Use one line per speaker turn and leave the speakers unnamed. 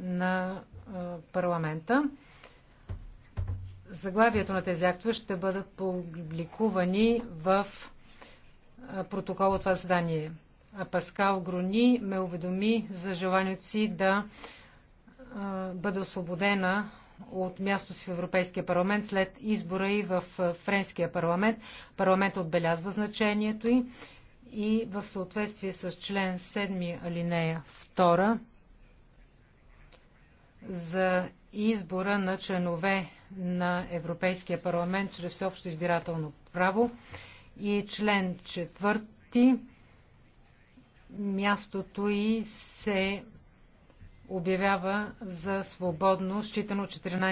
на парламента. Заглавието на тези актове ще бъдат публикувани в протокол от това задание. А Паскал Груни ме уведоми за желанието си да бъде освободена от място си в Европейския парламент след избора и в Френския парламент. Парламентът отбелязва значението й и в съответствие с член 7 алинея 2 за избора на членове на Европейския парламент чрез всеобщо избирателно право и член четвърти мястото и се обявява за свободно, считано 14